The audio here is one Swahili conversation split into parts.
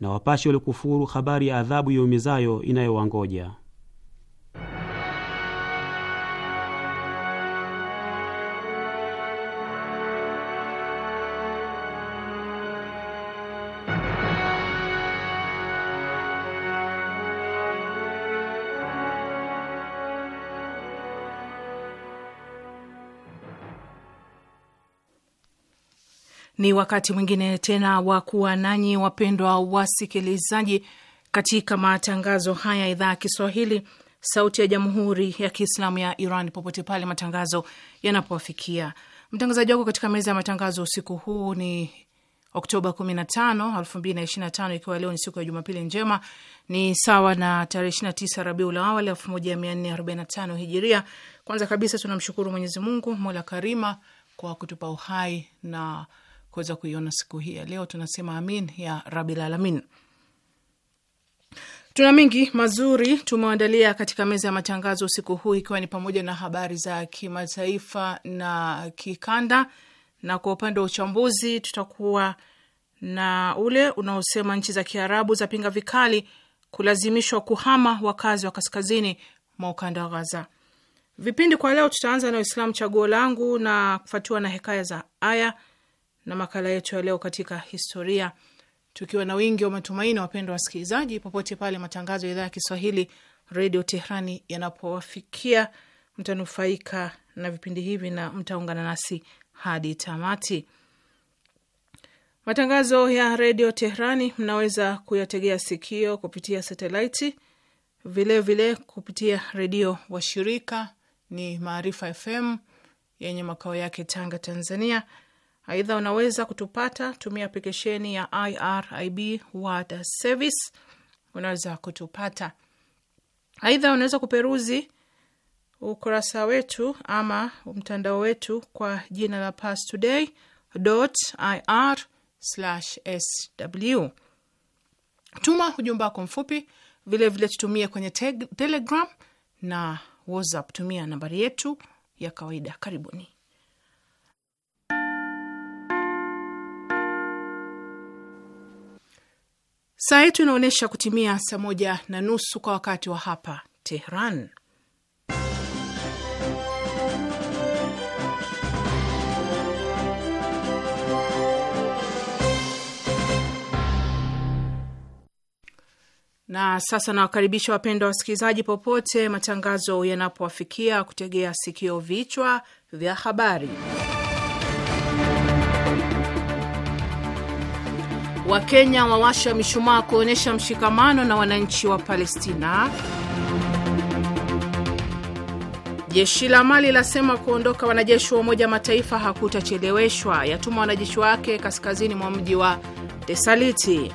na wapashe walikufuru habari ya adhabu yaumizayo inayowangoja. Ni wakati mwingine tena wa kuwa nanyi wapendwa wasikilizaji, katika matangazo haya idhaa ya Kiswahili sauti ya jamhuri ya Kiislamu ya Iran, popote pale matangazo yanapowafikia. Mtangazaji wako katika meza ya matangazo usiku huu ni Oktoba 15, 2025 ikiwa leo ni siku ya Jumapili njema, ni sawa na tarehe 29 Rabiul Awal 1445 Hijiria. Kwanza kabisa tunamshukuru Mwenyezi Mungu mola karima kwa kutupa uhai na kuweza kuiona siku hii ya leo. Tunasema amin ya rabil alamin. Tuna mengi mazuri tumeandalia katika meza ya matangazo usiku huu, ikiwa ni pamoja na habari za kimataifa na kikanda, na kwa upande wa uchambuzi tutakuwa na ule unaosema nchi za Kiarabu zapinga vikali kulazimishwa kuhama wakazi wa kaskazini mwa ukanda wa Gaza. Vipindi kwa leo tutaanza na Uislamu chaguo langu na kufuatiwa na hekaya za aya na makala yetu ya leo katika historia, tukiwa na wingi wa matumaini, wapendwa wasikilizaji, popote pale matangazo ya idhaa ya Kiswahili Redio Tehrani yanapowafikia, mtanufaika na vipindi hivi na mtaungana nasi hadi tamati. Matangazo ya Redio Tehrani mnaweza kuyategea sikio kupitia satelaiti, vilevile kupitia redio washirika ni Maarifa FM yenye makao yake Tanga, Tanzania, Aidha, unaweza kutupata tumia aplikesheni ya IRIB World Service, unaweza kutupata. Aidha, unaweza kuperuzi ukurasa wetu ama mtandao wetu kwa jina la pastoday.ir/sw. Tuma ujumbe wako mfupi vilevile, tutumie kwenye Telegram na WhatsApp, tumia nambari yetu ya kawaida. Karibuni. Saa yetu inaonyesha kutimia saa moja na nusu kwa wakati wa hapa Tehran. Na sasa nawakaribisha wapendwa wasikilizaji, popote matangazo yanapowafikia, kutegea sikio vichwa vya habari. Wakenya wawasha mishumaa kuonyesha mshikamano na wananchi wa Palestina. Jeshi la Mali lasema kuondoka wanajeshi wa Umoja Mataifa hakutacheleweshwa, yatuma wanajeshi wake kaskazini mwa mji wa Tesaliti.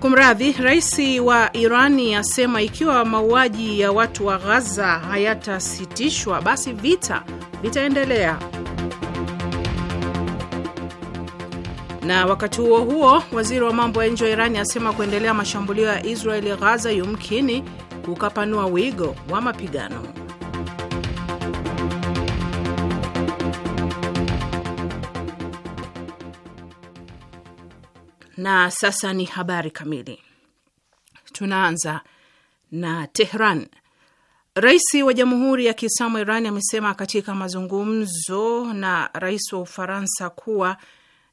Kumradhi, rais wa Irani asema ikiwa mauaji ya watu wa Ghaza hayatasitishwa basi vita vitaendelea. Na wakati huo huo, waziri wa mambo ya nje wa Irani asema kuendelea mashambulio ya Israeli Ghaza yumkini kukapanua wigo wa mapigano. Na sasa ni habari kamili. Tunaanza na Tehran. Rais wa Jamhuri ya Kiislamu Irani amesema katika mazungumzo na rais wa Ufaransa kuwa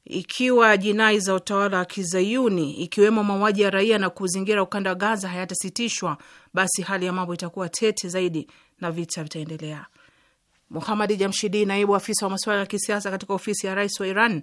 ikiwa jinai za utawala wa kizayuni ikiwemo mauaji ya raia na kuzingira ukanda wa Gaza hayatasitishwa, basi hali ya mambo itakuwa tete zaidi na vita vitaendelea. Muhamadi Jamshidi, naibu afisa wa masuala ya kisiasa katika ofisi ya rais wa Iran,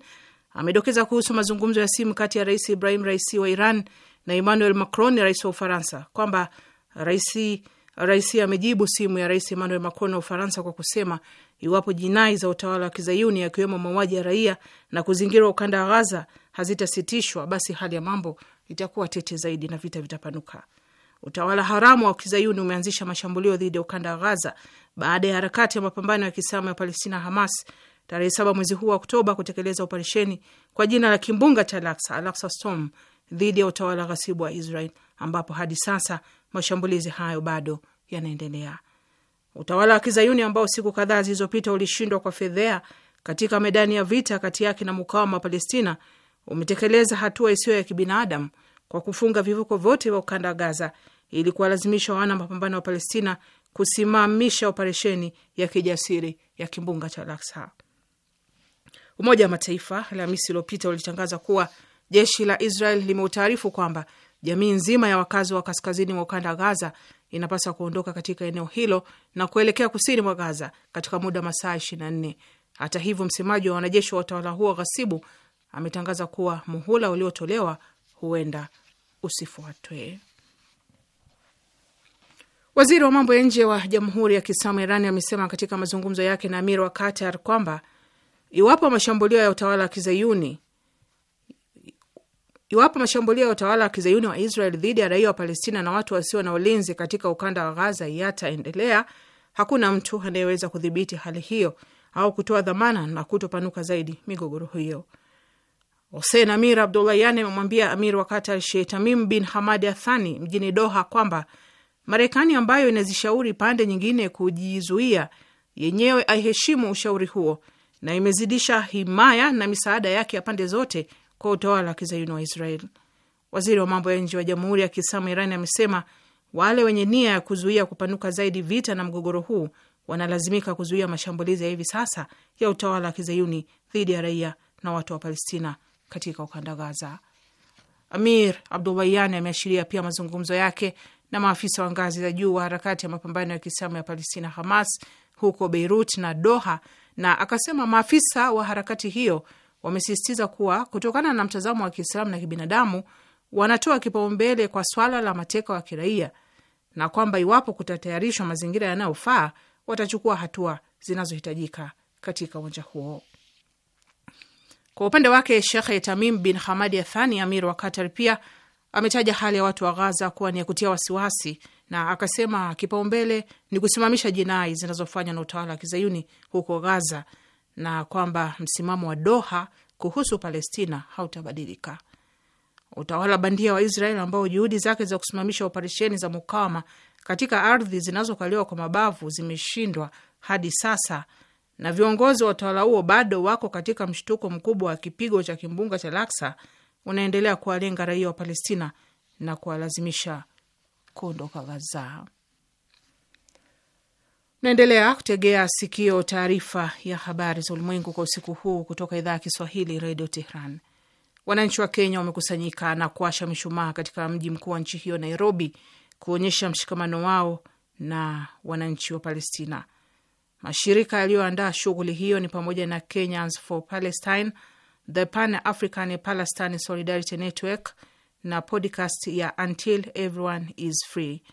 amedokeza kuhusu mazungumzo ya simu kati ya Rais Ibrahim Raisi wa Iran na Emmanuel Macron, rais wa Ufaransa, kwamba Raisi Rais amejibu simu ya Rais Emmanuel Macron wa Ufaransa kwa kusema iwapo jinai za utawala wa kizayuni yakiwemo mauaji ya raia na kuzingirwa ukanda wa Ghaza hazitasitishwa basi hali ya mambo itakuwa tete zaidi na vita vitapanuka. Utawala haramu wa kizayuni umeanzisha mashambulio dhidi ya ukanda wa Ghaza baada ya harakati ya mapambano ya kiislamu ya Palestina, Hamas, tarehe saba mwezi huu wa Oktoba kutekeleza operesheni kwa jina la kimbunga cha Al-Aqsa, Al-Aqsa Storm, dhidi ya utawala ghasibu wa Israel ambapo hadi sasa mashambulizi hayo bado yanaendelea. Utawala wa kizayuni ambao siku kadhaa zilizopita ulishindwa kwa fedhea katika medani ya vita kati yake na mukawama wa Palestina umetekeleza hatua isiyo ya kibinadamu kwa kufunga vivuko vyote vya ukanda wa Gaza ili kuwalazimisha wana mapambano wa Palestina kusimamisha operesheni ya kijasiri ya kimbunga cha Al-Aqsa. Umoja wa Mataifa Alhamisi iliyopita ulitangaza kuwa jeshi la Israel limeutaarifu kwamba Jamii nzima ya wakazi wa kaskazini mwa ukanda wa Gaza inapaswa kuondoka katika eneo hilo na kuelekea kusini mwa Gaza katika muda wa masaa nne. Hata hivyo, msemaji wa wanajeshi wa utawala huo ghasibu ametangaza kuwa muhula uliotolewa huenda usifuatwe. Waziri wa mambo ya nje wa Jamhuri ya Kiislamu Irani amesema katika mazungumzo yake na Amir wa Qatar kwamba iwapo mashambulio ya utawala wa kizayuni Iwapo mashambulio ya utawala wa kizayuni wa Israel dhidi ya raia wa Palestina na watu wasio na ulinzi katika ukanda wa Ghaza yataendelea, hakuna mtu anayeweza kudhibiti hali hiyo au kutoa dhamana na kutopanuka zaidi migogoro hiyo. Hosen Amir Abdullahian amemwambia amir wa Katar Sheikh Tamim bin Hamad Athani mjini Doha kwamba Marekani ambayo inazishauri pande nyingine kujizuia, yenyewe aiheshimu ushauri huo na imezidisha himaya na misaada yake ya pande zote kwa utawala wa kizayuni wa Israel. Waziri wa mambo ya nje wa Jamhuri ya Kiislamu iran amesema wale wenye nia ya kuzuia kupanuka zaidi vita na mgogoro huu wanalazimika kuzuia mashambulizi ya hivi sasa ya utawala wa kizayuni dhidi ya raia na watu wa Palestina katika ukanda Gaza. Amir Abdullahian ameashiria pia mazungumzo yake na maafisa wa ngazi za juu wa harakati ya mapambano ya Kiislamu ya Palestina, Hamas, huko Beirut na Doha, na akasema maafisa wa harakati hiyo wamesisitiza kuwa kutokana na mtazamo wa Kiislamu na kibinadamu wanatoa kipaumbele kwa swala la mateka wa kiraia na kwamba iwapo kutatayarishwa mazingira yanayofaa watachukua hatua zinazohitajika katika uwanja huo. Kwa upande wake, Shekhe Tamim bin Hamadi Athani, amir wa Qatar, pia ametaja hali ya watu wa Ghaza kuwa ni ya kutia wasiwasi na akasema kipaumbele ni kusimamisha jinai zinazofanywa na utawala wa kizayuni huko Ghaza na kwamba msimamo wa Doha kuhusu Palestina hautabadilika. Utawala bandia wa Israel ambao juhudi zake za kusimamisha operesheni za mukawama katika ardhi zinazokaliwa kwa mabavu zimeshindwa hadi sasa, na viongozi wa utawala huo bado wako katika mshtuko mkubwa wa kipigo cha kimbunga cha Laksa, unaendelea kuwalenga raia wa Palestina na kuwalazimisha kuondoka Gaza. Naendelea kutegea sikio taarifa ya habari za ulimwengu kwa usiku huu kutoka idhaa ya Kiswahili redio Tehran. Wananchi wa Kenya wamekusanyika na kuasha mishumaa katika mji mkuu wa nchi hiyo Nairobi, kuonyesha mshikamano wao na wananchi wa Palestina. Mashirika yaliyoandaa shughuli hiyo ni pamoja na Kenyans for Palestine, the Pan African Palestine Solidarity Network na podcast ya Until Everyone is Free.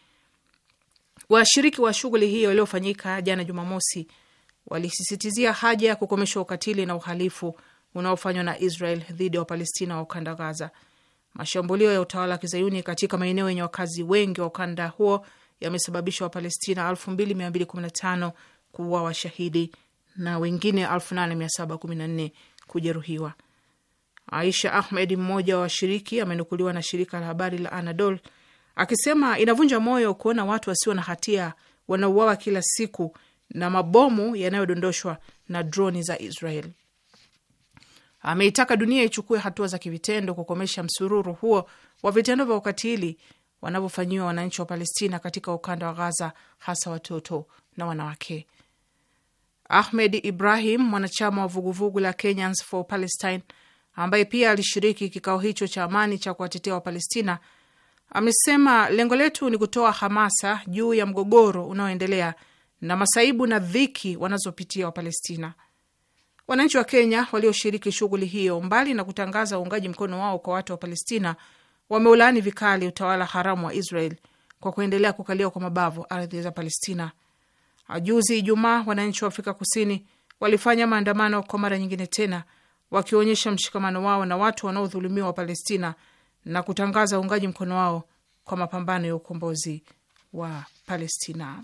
Washiriki wa shughuli hiyo iliyofanyika jana Jumamosi walisisitizia haja ya kukomesha ukatili na uhalifu unaofanywa na Israel dhidi ya Wapalestina wa ukanda Gaza. Mashambulio ya utawala wa kizayuni katika maeneo yenye wakazi wengi wa ukanda huo yamesababisha Wapalestina 2215 kuwa washahidi na wengine 8714 kujeruhiwa. Aisha Ahmed, mmoja wa washiriki, amenukuliwa na shirika la habari la Anadol akisema inavunja moyo kuona watu wasio na hatia wanauawa kila siku na mabomu yanayodondoshwa na droni za Israel. Ameitaka dunia ichukue hatua za kivitendo kukomesha msururu huo wa vitendo vya ukatili wanavyofanyiwa wananchi wa Palestina katika ukanda wa Gaza, hasa watoto na wanawake. Ahmed Ibrahim, mwanachama wa vuguvugu la Kenyans for Palestine, ambaye pia alishiriki kikao hicho cha amani cha kuwatetea Wapalestina, amesema lengo letu ni kutoa hamasa juu ya mgogoro unaoendelea na masaibu na dhiki wanazopitia Wapalestina. Wananchi wa Kenya walioshiriki shughuli hiyo, mbali na kutangaza uungaji mkono wao kwa watu wa Palestina, wameulaani vikali utawala haramu wa Israel kwa kuendelea kukaliwa kwa mabavu ardhi za Palestina. Juzi Ijumaa, wananchi wa Afrika Kusini walifanya maandamano kwa mara nyingine tena, wakionyesha mshikamano wao na watu wanaodhulumiwa wa Palestina na kutangaza uungaji mkono wao kwa mapambano ya ukombozi wa Palestina.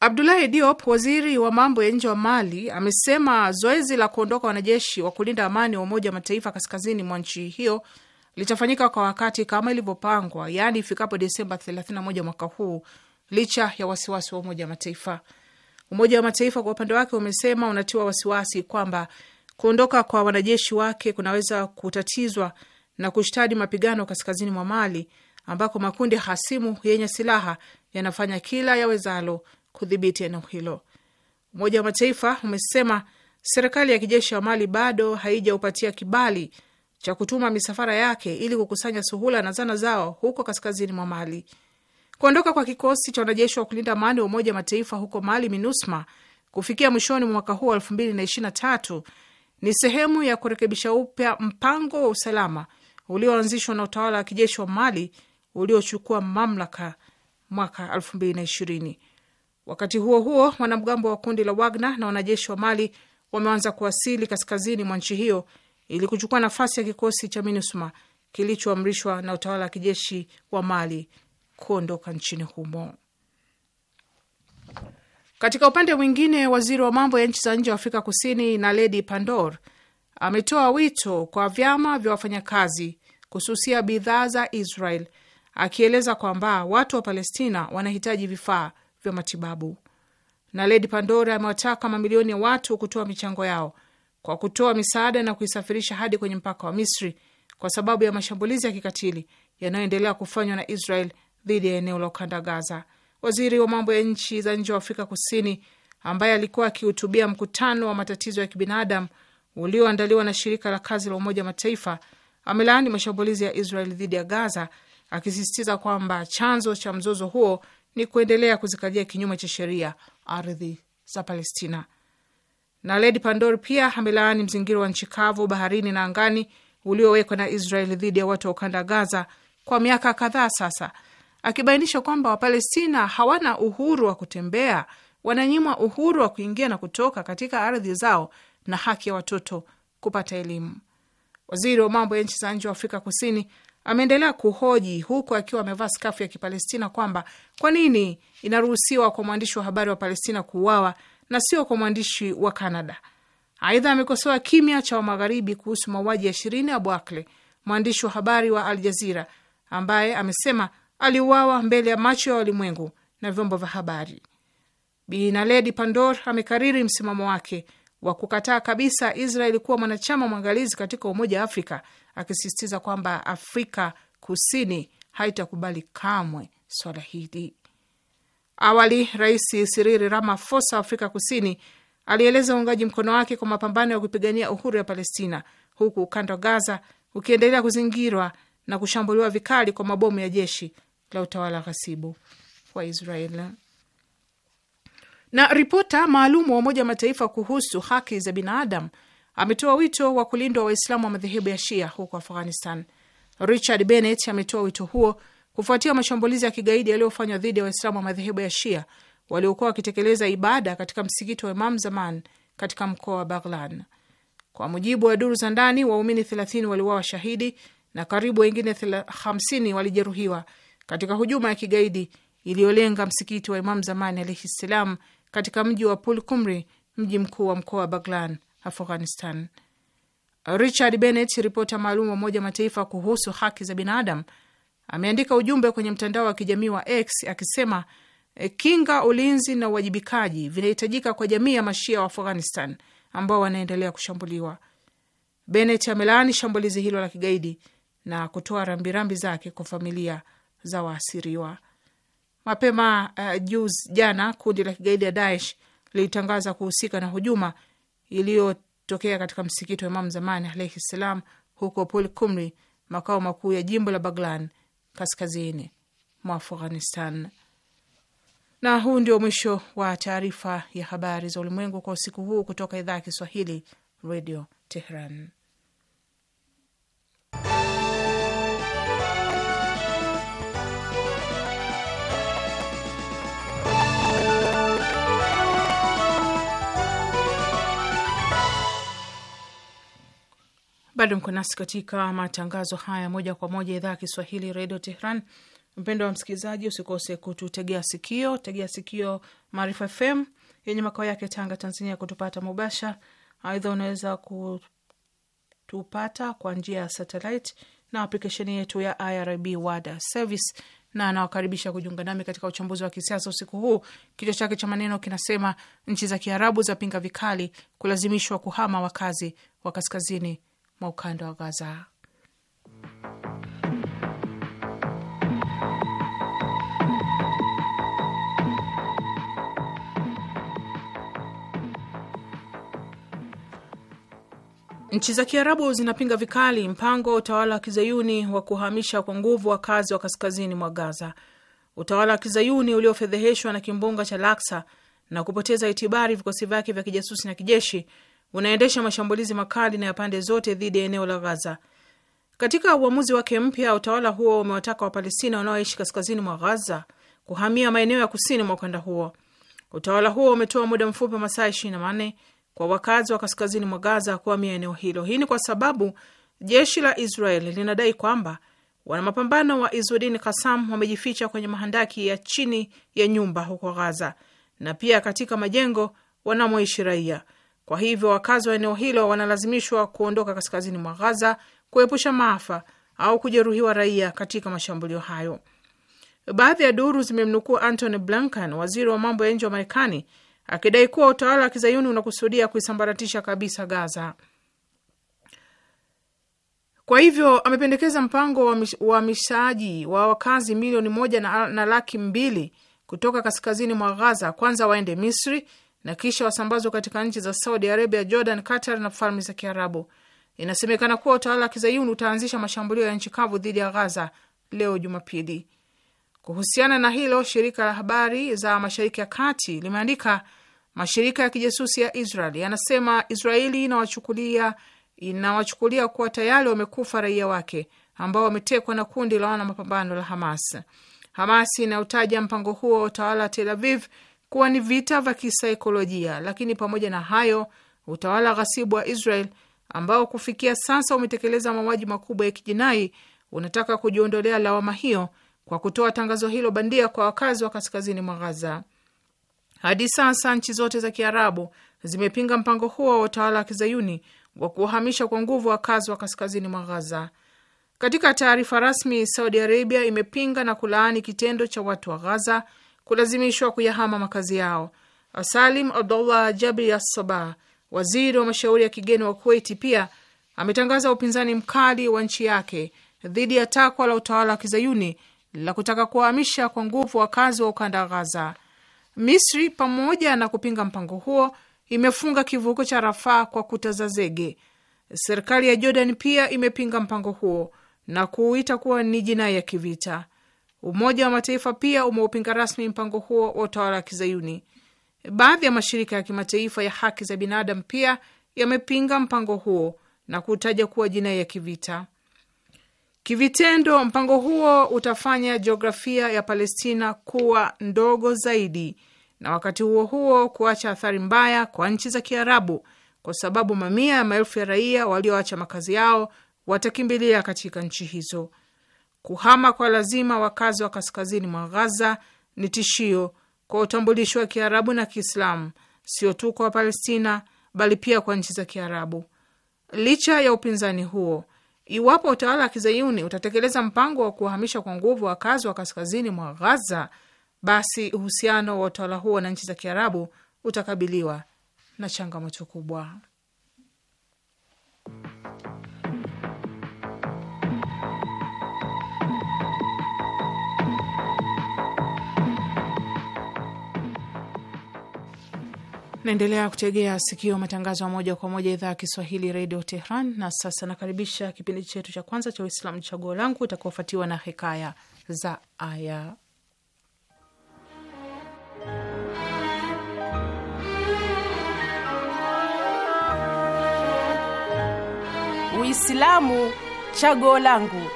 Abdulahi Diop, waziri wa mambo ya nje wa Mali, amesema zoezi la kuondoka wanajeshi wa kulinda amani wa Umoja wa Mataifa kaskazini mwa nchi hiyo litafanyika kwa wakati kama ilivyopangwa, yaani ifikapo Desemba 31 mwaka huu, licha ya wasiwasi wa Umoja wa Mataifa. Umoja wa Mataifa kwa upande wake umesema unatiwa wasiwasi kwamba Kuondoka kwa wanajeshi wake kunaweza kutatizwa na kushtadi mapigano kaskazini mwa Mali ambako makundi hasimu yenye silaha yanafanya kila yawezalo kudhibiti eneo hilo. Umoja wa Mataifa umesema serikali ya kijeshi ya Mali bado haijaupatia kibali cha kutuma misafara yake ili kukusanya suhula na zana zao huko kaskazini mwa Mali. Kuondoka kwa kikosi cha wanajeshi wa kulinda amani wa Umoja wa Mataifa huko Mali, MINUSMA, kufikia mwishoni mwa mwaka huu wa elfu mbili na ishirini na tatu ni sehemu ya kurekebisha upya mpango wa usalama ulioanzishwa na utawala wa kijeshi wa Mali uliochukua mamlaka mwaka 2020. Wakati huo huo, wanamgambo wa kundi la Wagner na wanajeshi wa Mali wameanza kuwasili kaskazini mwa nchi hiyo ili kuchukua nafasi ya kikosi cha MINUSMA kilichoamrishwa na utawala wa kijeshi wa Mali kuondoka nchini humo. Katika upande mwingine, waziri wa mambo ya nchi za nje wa Afrika Kusini Naledi Pandor ametoa wito kwa vyama vya wafanyakazi kususia bidhaa za Israel, akieleza kwamba watu wa Palestina wanahitaji vifaa vya matibabu. Naledi Pandor amewataka mamilioni ya watu kutoa michango yao kwa kutoa misaada na kuisafirisha hadi kwenye mpaka wa Misri kwa sababu ya mashambulizi ya kikatili yanayoendelea kufanywa na Israel dhidi ya eneo la ukanda Gaza waziri wa mambo ya nchi za nje wa Afrika Kusini, ambaye alikuwa akihutubia mkutano wa matatizo ya kibinadamu ulioandaliwa na shirika la kazi la Umoja Mataifa, amelaani mashambulizi ya Israel dhidi ya Gaza, akisisitiza kwamba chanzo cha mzozo huo ni kuendelea kuzikalia kinyume cha sheria ardhi za Palestina. Na Led Pandor pia amelaani mzingiro wa nchi kavu, baharini na angani uliowekwa na Israel dhidi ya watu wa ukanda Gaza kwa miaka kadhaa sasa, akibainisha kwamba Wapalestina hawana uhuru wa kutembea, wananyimwa uhuru wa kuingia na kutoka katika ardhi zao na haki ya watoto kupata elimu. Waziri wa mambo ya nchi za nje wa Afrika Kusini ameendelea kuhoji huku akiwa amevaa skafu ya Kipalestina kwamba kwa nini inaruhusiwa kwa mwandishi wa habari wa Palestina kuuawa na sio kwa mwandishi wa canada Aidha, amekosoa kimya cha Wamagharibi kuhusu mauaji ya Shirini Abu Akle, mwandishi wa habari wa Al Jazira, ambaye amesema aliuawa mbele ya macho ya walimwengu na vyombo vya habari. Bi Naledi Pandor amekariri msimamo wake wa kukataa kabisa Israeli kuwa mwanachama mwangalizi katika Umoja wa Afrika, akisisitiza kwamba Afrika Kusini haitakubali kamwe swala hili. Awali Rais Cyril Ramaphosa wa Afrika Kusini alieleza uungaji mkono wake kwa mapambano ya kupigania uhuru ya Palestina, huku ukanda wa Gaza ukiendelea kuzingirwa na kushambuliwa vikali kwa mabomu ya jeshi la utawala ghasibu wa Israel. Na ripota maalum wa Umoja wa Mataifa kuhusu haki za binadamu ametoa wito wa kulindwa Waislamu wa madhehebu ya Shia huko Afghanistan. Richard Bennett ametoa wito huo kufuatia mashambulizi ya kigaidi yaliyofanywa dhidi ya Waislamu wa madhehebu ya Shia waliokuwa wakitekeleza ibada katika msikiti wa Imam Zaman katika mkoa wa Baghlan. Kwa mujibu wa duru za ndani, waumini 30 waliuawa shahidi na karibu wengine 50 walijeruhiwa katika hujuma ya kigaidi iliyolenga msikiti wa Imam Zamani alaihi ssalam katika mji wa Pul Kumri, mji mkuu wa mkoa wa Baglan, Afghanistan. Richard Bennett, ripota maalum wa Umoja Mataifa kuhusu haki za binadamu, ameandika ujumbe kwenye mtandao wa kijamii wa X akisema e, kinga, ulinzi na uwajibikaji vinahitajika kwa jamii ya mashia wa Afghanistan ambao wanaendelea kushambuliwa. Bennett amelaani shambulizi hilo la kigaidi na kutoa rambirambi zake kwa familia za waasiriwa. Mapema uh, juzi jana kundi la kigaidi ya Daesh lilitangaza kuhusika na hujuma iliyotokea katika msikiti wa Imam Zamani alaihi ssalam huko kumri makao makuu ya jimbo la Baglan kaskazini mwa Afghanistan. Na huu ndio mwisho wa taarifa ya habari za ulimwengu kwa usiku huu kutoka idhaa ya Kiswahili, Radio Tehran. Bado mko nasi katika matangazo haya moja kwa moja, idhaa ya Kiswahili, redio Tehran. Mpendo wa msikilizaji, usikose kututegea sikio, tegea sikio Maarifa FM yenye makao yake Tanga, Tanzania, kutupata mubashara. Aidha, unaweza kutupata kwa njia ya satellite na aplikesheni yetu ya IRIB Wada Service na anawakaribisha kujiunga nami katika uchambuzi wa kisiasa usiku huu. Kichwa chake cha maneno kinasema nchi za Kiarabu zapinga vikali kulazimishwa kuhama wakazi wa kaskazini mwa ukanda wa Gaza. Nchi za Kiarabu zinapinga vikali mpango wa utawala wa kizayuni wa kuhamisha kwa nguvu wakazi wa kaskazini mwa Gaza. Utawala wa kizayuni uliofedheheshwa na kimbunga cha Laksa na kupoteza itibari vikosi vyake vya kijasusi na kijeshi unaendesha mashambulizi makali na ya pande zote dhidi ya eneo la Gaza. Katika uamuzi wake mpya, utawala huo umewataka Wapalestina wanaoishi kaskazini mwa Gaza kuhamia maeneo ya kusini mwa ukanda huo. Utawala huo umetoa muda mfupi wa masaa ishirini na manne kwa wakazi wa kaskazini mwa Gaza kuhamia eneo hilo. Hii ni kwa sababu jeshi la Israel linadai kwamba wana mapambano wa Izudin Kasam wamejificha kwenye mahandaki ya chini ya nyumba huko Gaza na pia katika majengo wanamoishi raia. Kwa hivyo wakazi wa eneo hilo wanalazimishwa kuondoka kaskazini mwa Ghaza kuepusha maafa au kujeruhiwa raia katika mashambulio hayo. Baadhi ya duru zimemnukuu Antony Blinken, waziri wa mambo ya nje wa Marekani, akidai kuwa utawala wa kizayuni unakusudia kuisambaratisha kabisa Gaza. Kwa hivyo amependekeza mpango wa uhamishaji wa wakazi milioni moja na, na laki mbili kutoka kaskazini mwa Gaza kwanza waende Misri na kisha wasambazwa katika nchi za Saudi Arabia, Jordan, Qatar na falme za Kiarabu. Inasemekana kuwa utawala wa kizayuni utaanzisha mashambulio ya nchi kavu dhidi ya Ghaza leo Jumapili. Kuhusiana na hilo, shirika la habari za Mashariki ya Kati limeandika mashirika ya kijasusi ya Israel yanasema Israeli inawachukulia inawachukulia kuwa tayari wamekufa raia wake ambao wametekwa na kundi la wana mapambano la Hamas. Hamas inayotaja mpango huo wa utawala wa Tel Aviv kuwa ni vita vya kisaikolojia, lakini pamoja na hayo utawala ghasibu wa Israel ambao kufikia sasa umetekeleza mauaji makubwa ya kijinai unataka kujiondolea lawama hiyo kwa kutoa tangazo hilo bandia kwa wakazi wa kaskazini mwa Gaza. Hadi sasa nchi zote za Kiarabu zimepinga mpango huo wa utawala wa kizayuni wa kuwahamisha kwa nguvu wakazi wa kaskazini mwa Gaza. Katika taarifa rasmi, Saudi Arabia imepinga na kulaani kitendo cha watu wa Gaza kulazimishwa kuyahama makazi yao. Salim Abdullah Jabri Assaba, waziri wa mashauri ya kigeni wa Kuwaiti, pia ametangaza upinzani mkali wa nchi yake dhidi ya takwa la utawala wa kizayuni la kutaka kuwahamisha kwa nguvu wakazi wa ukanda wa Ghaza. Misri, pamoja na kupinga mpango huo, imefunga kivuko cha Rafaa kwa kuta za zege. Serikali ya Jordan pia imepinga mpango huo na kuuita kuwa ni jinai ya kivita. Umoja wa Mataifa pia umeupinga rasmi mpango huo wa utawala wa Kizayuni. Baadhi ya mashirika ya kimataifa ya haki za binadamu pia yamepinga mpango huo na kutaja kuwa jinai ya kivita. Kivitendo, mpango huo utafanya jiografia ya Palestina kuwa ndogo zaidi na wakati huo huo kuacha athari mbaya kwa nchi za Kiarabu, kwa sababu mamia ya maelfu ya raia walioacha makazi yao watakimbilia katika nchi hizo. Kuhama kwa lazima wakazi wa kaskazini mwa Ghaza ni tishio kwa utambulishi wa Kiarabu na Kiislamu, sio tu kwa Wapalestina bali pia kwa nchi za Kiarabu. Licha ya upinzani huo, iwapo utawala wa kizayuni utatekeleza mpango wa kuwahamisha kwa nguvu wakazi wa kaskazini mwa Ghaza, basi uhusiano wa utawala huo na nchi za Kiarabu utakabiliwa na changamoto kubwa. Naendelea kutegea sikio matangazo ya moja kwa moja idhaa ya Kiswahili redio Tehran. Na sasa nakaribisha kipindi chetu cha kwanza cha Uislamu chaguo langu, itakaofuatiwa na hekaya za aya. Uislamu chaguo langu.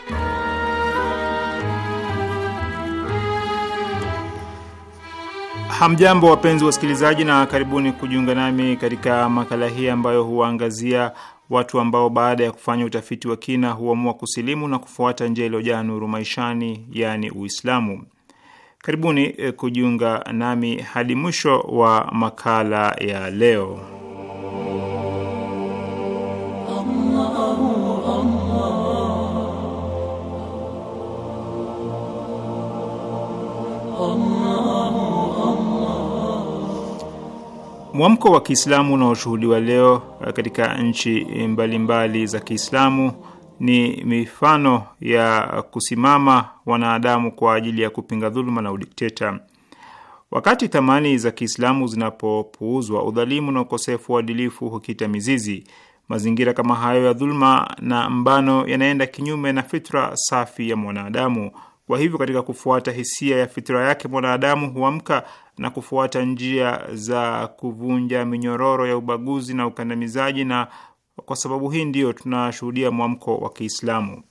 Hamjambo, wapenzi wasikilizaji, na karibuni kujiunga nami katika makala hii ambayo huwaangazia watu ambao baada ya kufanya utafiti wa kina huamua kusilimu na kufuata njia iliyojaa nuru maishani, yaani Uislamu. Karibuni eh, kujiunga nami hadi mwisho wa makala ya leo. Mwamko wa Kiislamu unaoshuhudiwa leo eh, katika nchi mbalimbali za Kiislamu ni mifano ya kusimama wanadamu kwa ajili ya kupinga dhuluma na udikteta. Wakati thamani za Kiislamu zinapopuuzwa, udhalimu na ukosefu wa uadilifu hukita mizizi. Mazingira kama hayo ya dhuluma na mbano yanaenda kinyume na fitra safi ya mwanadamu. Kwa hivyo, katika kufuata hisia ya fitira yake, mwanadamu huamka na kufuata njia za kuvunja minyororo ya ubaguzi na ukandamizaji, na kwa sababu hii ndiyo tunashuhudia mwamko wa Kiislamu.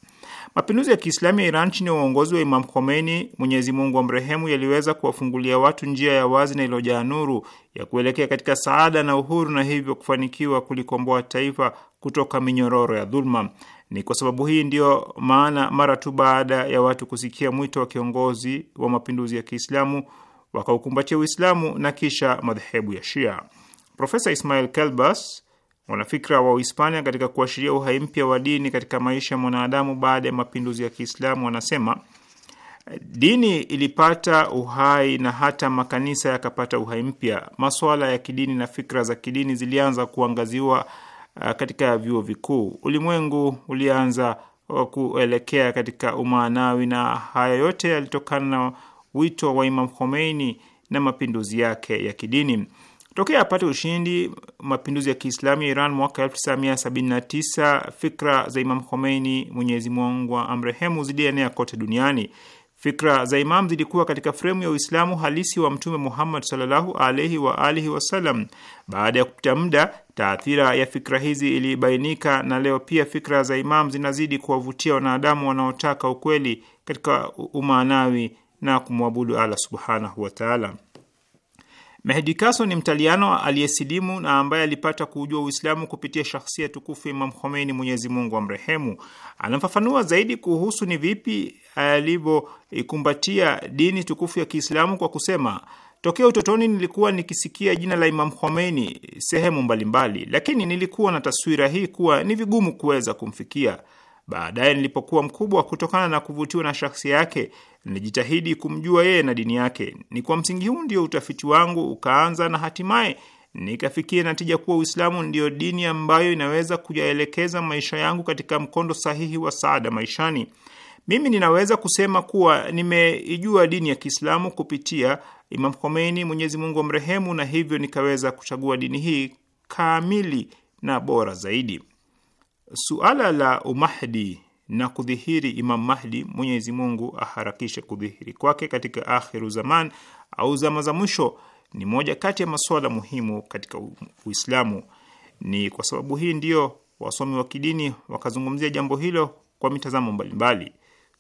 Mapinduzi ya Kiislamu ya Iran chini ya uongozi wa Imam Khomeini, Mwenyezi Mungu mrehemu yaliweza kuwafungulia watu njia ya wazi na iliyojaa nuru ya kuelekea katika saada na uhuru, na hivyo kufanikiwa kulikomboa taifa kutoka minyororo ya dhuluma. Ni kwa sababu hii ndiyo maana mara tu baada ya watu kusikia mwito wa kiongozi wa mapinduzi ya Kiislamu wakaukumbatia Uislamu na kisha madhehebu ya Shia. Profesa Ismail Kelbas, mwanafikra wa Uhispania, katika kuashiria uhai mpya wa dini katika maisha ya mwanadamu baada ya mapinduzi ya Kiislamu, anasema dini ilipata uhai na hata makanisa yakapata uhai mpya. Masuala ya kidini na fikra za kidini zilianza kuangaziwa Ah, katika vyuo vikuu. Ulimwengu ulianza uh, kuelekea katika umaanawi, na haya yote yalitokana na wito wa Imam Khomeini na mapinduzi yake ya kidini. Tokea apate ushindi mapinduzi ya Kiislamu ya Iran mwaka 1979, fikra za Imam Khomeini, Mwenyezi Mungu amrehemu, zilienea kote duniani. Fikra za Imam zilikuwa katika fremu ya Uislamu halisi wa Mtume Muhammad sallallahu alaihi wa alihi wasallam. Baada ya kupita muda, taathira ya fikra hizi ilibainika, na leo pia fikra za Imam zinazidi kuwavutia wanadamu wanaotaka ukweli katika umaanawi na kumwabudu Allah subhanahu wataala. Mehdi Kaso ni mtaliano aliyesilimu na ambaye alipata kuujua Uislamu kupitia shahsia tukufu Imam Khomeini, Mwenyezi Mungu amrehemu. Anafafanua zaidi kuhusu ni vipi alivyoikumbatia dini tukufu ya Kiislamu kwa kusema, tokea utotoni nilikuwa nikisikia jina la Imam Khomeini sehemu mbalimbali, lakini nilikuwa na taswira hii kuwa ni vigumu kuweza kumfikia. Baadaye nilipokuwa mkubwa, kutokana na kuvutiwa na shakhsi yake, nilijitahidi kumjua yeye na dini yake. Ni kwa msingi huu ndio utafiti wangu ukaanza na hatimaye nikafikia natija kuwa Uislamu ndiyo dini ambayo inaweza kuyaelekeza maisha yangu katika mkondo sahihi wa saada maishani. Mimi ninaweza kusema kuwa nimeijua dini ya Kiislamu kupitia Imam Khomeini, Mwenyezi Mungu amrehemu, na hivyo nikaweza kuchagua dini hii kamili na bora zaidi. Suala la umahdi na kudhihiri Imam Mahdi, Mwenyezi Mungu aharakishe kudhihiri kwake katika akhiru zaman au zama za mwisho, ni moja kati ya masuala muhimu katika Uislamu. Ni kwa sababu hii ndiyo wasomi wa kidini wakazungumzia jambo hilo kwa mitazamo mbalimbali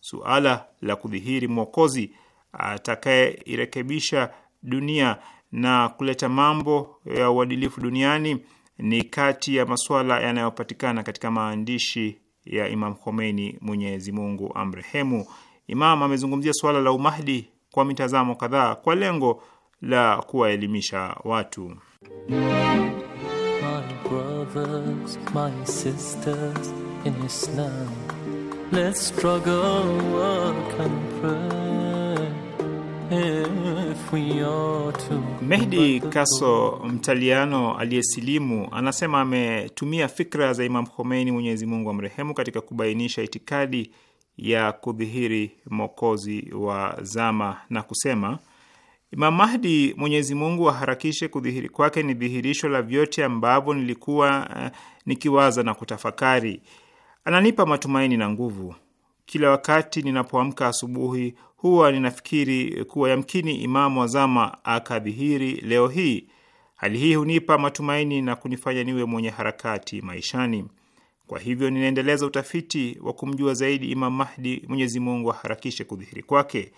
suala la kudhihiri mwokozi atakayeirekebisha dunia na kuleta mambo ya uadilifu duniani ni kati ya masuala yanayopatikana katika maandishi ya Imam Khomeini, Mwenyezi Mungu amrehemu. Imam amezungumzia suala la umahdi kwa mitazamo kadhaa kwa lengo la kuwaelimisha watu. My brothers, my sisters in Islam. Let's struggle, work and pray if we are to. Mehdi Kaso, mtaliano aliyesilimu, anasema ametumia fikra za Imam Khomeini, Mwenyezi Mungu amrehemu, katika kubainisha itikadi ya kudhihiri Mwokozi wa zama na kusema Imam Mahdi, Mwenyezi Mungu aharakishe kudhihiri kwake, ni dhihirisho la vyote ambavyo nilikuwa uh, nikiwaza na kutafakari. Ananipa matumaini na nguvu. Kila wakati ninapoamka asubuhi, huwa ninafikiri kuwa yamkini Imamu Azama akadhihiri leo hii. Hali hii hunipa matumaini na kunifanya niwe mwenye harakati maishani. Kwa hivyo ninaendeleza utafiti wa kumjua zaidi Imam Mahdi, Mwenyezi Mungu aharakishe kudhihiri kwake.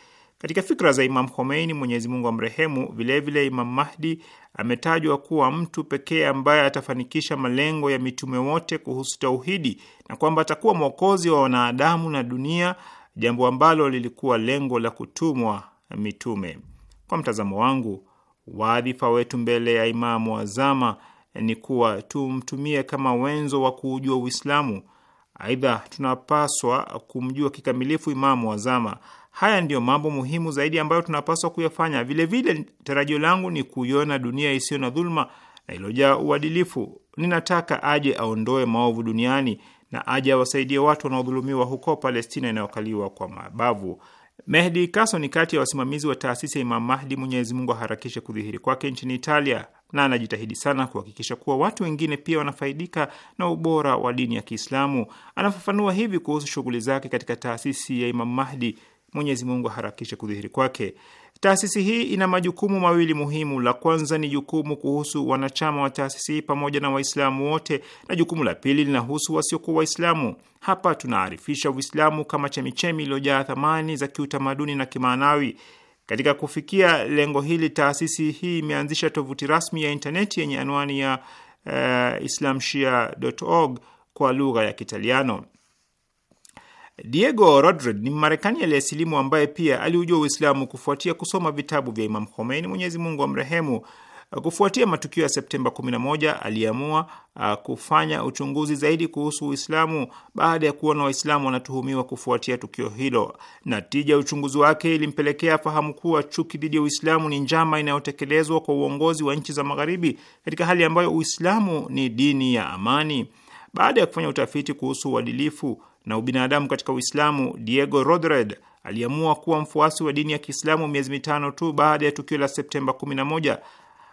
Katika fikra za Imam Khomeini, Mwenyezi Mungu amrehemu, vilevile Imam Mahdi ametajwa kuwa mtu pekee ambaye atafanikisha malengo ya mitume wote kuhusu tauhidi na kwamba atakuwa mwokozi wa wanadamu na dunia, jambo ambalo lilikuwa lengo la kutumwa mitume. Kwa mtazamo wangu, wadhifa wetu mbele ya Imamu Azama ni kuwa tumtumie kama wenzo wa kuujua Uislamu. Aidha, tunapaswa kumjua kikamilifu Imamu Azama Haya ndiyo mambo muhimu zaidi ambayo tunapaswa kuyafanya. Vilevile, tarajio langu ni kuiona dunia isiyo na dhuluma na iliyojaa uadilifu. Ninataka aje aondoe maovu duniani na aje awasaidie watu wanaodhulumiwa huko Palestina inayokaliwa kwa mabavu. Mehdi Kaso ni kati ya wasimamizi wa taasisi ya Imam Mahdi, Mwenyezi Mungu aharakishe kudhihiri kwake nchini Italia, na anajitahidi sana kuhakikisha kuwa watu wengine pia wanafaidika na ubora wa dini ya Kiislamu. Anafafanua hivi kuhusu shughuli zake katika taasisi ya Imam Mahdi Mwenyezi Mungu aharakishe kudhihiri kwake. Taasisi hii ina majukumu mawili muhimu. La kwanza ni jukumu kuhusu wanachama wa taasisi hii pamoja na Waislamu wote, na jukumu la pili linahusu wasiokuwa Waislamu. Hapa tunaarifisha Uislamu kama chemichemi iliyojaa thamani za kiutamaduni na kimaanawi. Katika kufikia lengo hili, taasisi hii imeanzisha tovuti rasmi ya intaneti yenye anwani ya uh, eh, islamshia.org kwa lugha ya Kitaliano. Diego Rodrid ni marekani aliyesilimu ambaye pia aliujua Uislamu kufuatia kusoma vitabu vya Imam Khomeini, Mwenyezi Mungu amrehemu. Kufuatia matukio ya Septemba 11 aliamua ah, kufanya uchunguzi zaidi kuhusu Uislamu baada ya kuona Waislamu wanatuhumiwa kufuatia tukio hilo. Natija ya uchunguzi wake ilimpelekea fahamu kuwa chuki dhidi ya Uislamu ni njama inayotekelezwa kwa uongozi wa nchi za Magharibi katika hali ambayo Uislamu ni dini ya amani. Baada ya kufanya utafiti kuhusu uadilifu na ubinadamu katika Uislamu, Diego Rodred aliamua kuwa mfuasi wa dini ya Kiislamu miezi mitano tu baada ya tukio la Septemba 11.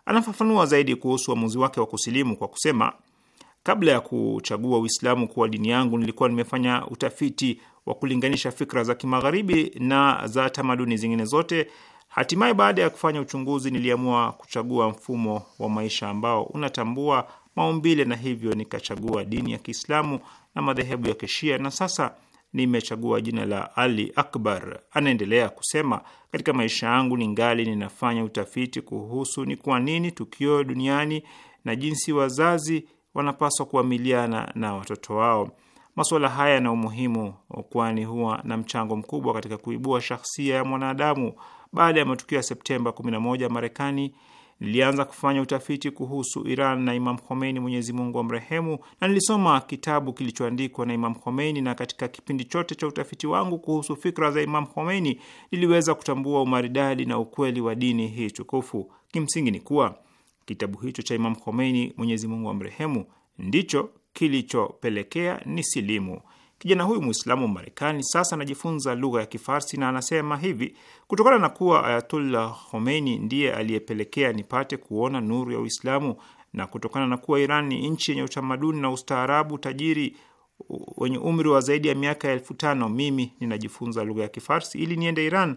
Anafafanua zaidi kuhusu uamuzi wa wake wa kusilimu kwa kusema, kabla ya kuchagua Uislamu kuwa dini yangu, nilikuwa nimefanya utafiti wa kulinganisha fikra za kimagharibi na za tamaduni zingine zote. Hatimaye, baada ya kufanya uchunguzi, niliamua kuchagua mfumo wa maisha ambao unatambua maumbile na hivyo nikachagua dini ya Kiislamu na madhehebu ya Kishia na sasa nimechagua jina la Ali Akbar. Anaendelea kusema, katika maisha yangu ningali ninafanya utafiti kuhusu ni kwa nini tukio duniani na jinsi wazazi wanapaswa kuamiliana na watoto wao. Masuala haya yana umuhimu, kwani huwa na mchango mkubwa katika kuibua shahsia ya mwanadamu. Baada ya matukio ya Septemba 11 Marekani Nilianza kufanya utafiti kuhusu Iran na Imam Khomeini, Mwenyezi Mungu amrehemu, na nilisoma kitabu kilichoandikwa na Imam Khomeini, na katika kipindi chote cha utafiti wangu kuhusu fikra za Imam Khomeini niliweza kutambua umaridadi na ukweli wa dini hii tukufu. Kimsingi ni kuwa kitabu hicho cha Imam Khomeini, Mwenyezi Mungu amrehemu, ndicho kilichopelekea nisilimu. Kijana huyu Mwislamu Marekani sasa anajifunza lugha ya Kifarsi na anasema hivi: kutokana na kuwa Ayatullah Khomeini ndiye aliyepelekea nipate kuona nuru ya Uislamu na kutokana na kuwa Iran ni nchi yenye utamaduni na ustaarabu tajiri wenye umri wa zaidi ya miaka elfu tano mimi ninajifunza lugha ya Kifarsi ili niende Iran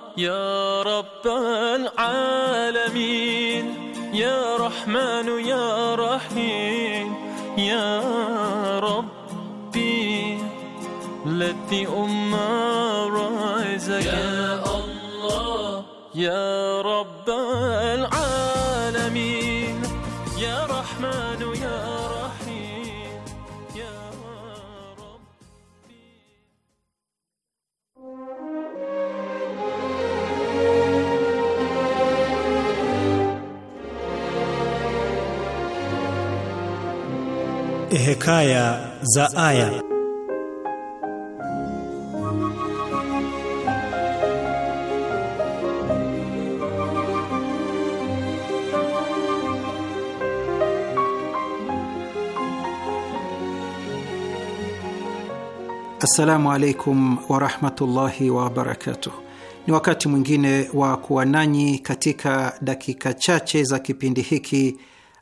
يا رب العالمين يا رحمن يا رحيم يا ربي let the ummah rise again يا الله يا رب hekaya za aya. Assalamu alaikum warahmatullahi wabarakatuh. Ni wakati mwingine wa kuwa nanyi katika dakika chache za kipindi hiki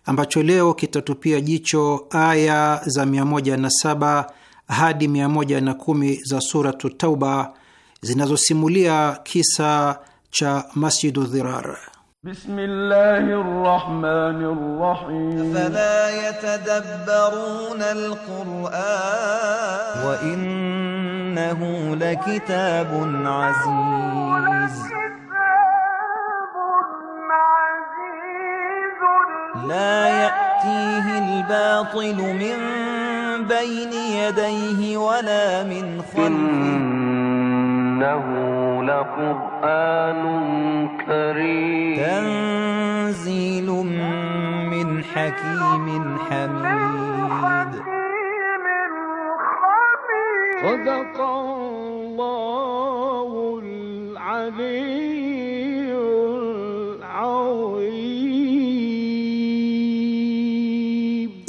ambacho leo kitatupia jicho aya za 107 hadi 110 za Suratu Tauba zinazosimulia kisa cha Masjidu Dhirar. rahim. yatadabbaruna wa innahu lakitabun aziz لا يأتيه الباطل من بين يديه ولا من خلفه إنه لقرآن كريم تنزيل من حكيم حميد صدق الله العليم